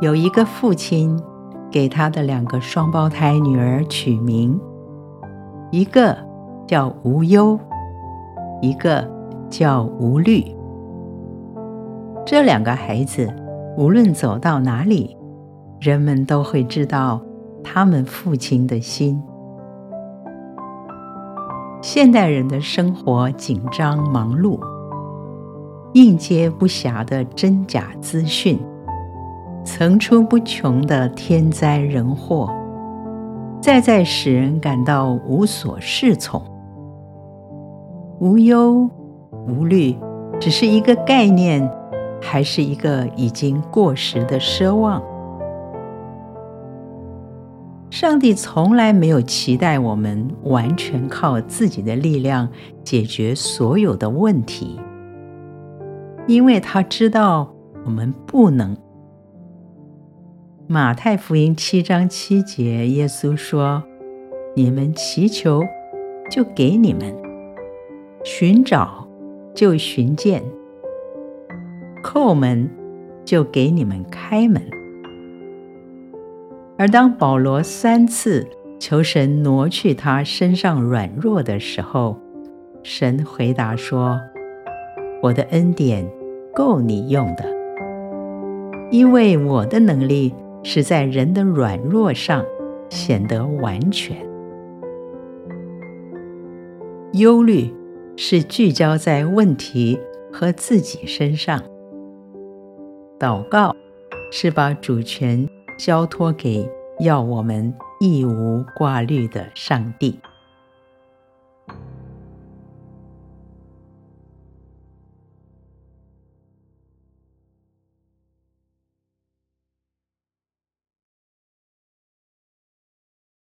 有一個父親給他的兩個雙胞胎女兒取名，一個叫無憂，一個叫無慮。這兩個孩子無論走到哪裡，人們都會知道他們父親的心。現代人的生活緊張忙碌，應接不暇的真假資訊。層出不窮的天災人禍，在在使人感到無所適從。無憂無慮，只是一個概念，還是一個已經過時的奢望？上帝從來沒有期待我們完全靠自己的力量解決所有的問題，因為他知道我們不能。馬太福音七章七節，耶穌說：“你們祈求，就給你們；尋找，就尋見；叩門，就給你們開門。”而當保羅三次求神挪去他身上軟弱的時候，神回答說：“我的恩典夠你用的，因為我的能力。”是在人的軟弱上顯得完全。憂慮是聚焦在問題和自己身上。禱告是把主權交托給要我們一無掛慮的上帝。